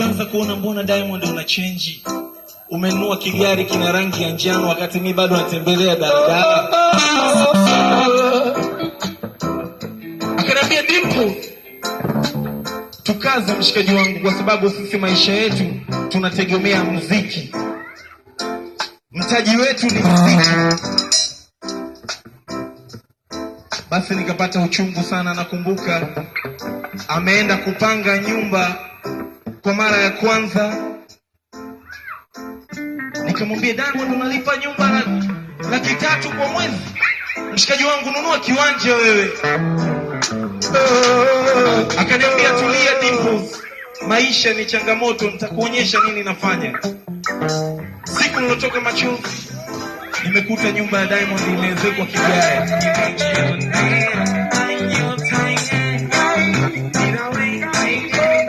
ukaanza kuona mbona Diamond una chenji, umenunua kigari kina rangi ya njano, wakati mimi bado natembelea daladala. Akaniambia Dimpo, tukaza mshikaji wangu, kwa sababu sisi maisha yetu tunategemea muziki, mtaji wetu ni muziki. Basi nikapata uchungu sana, nakumbuka ameenda kupanga nyumba kwa mara ya kwanza, nikamwambia Diamond, unalipa nyumba laki tatu kwa mwezi, mshikaji wangu, nunua kiwanja wewe. Akaniambia tulia Dimples, maisha ni changamoto, nitakuonyesha nini nafanya. Siku nilotoka machozi, nimekuta nyumba ya Diamond imeezekwa kigaya.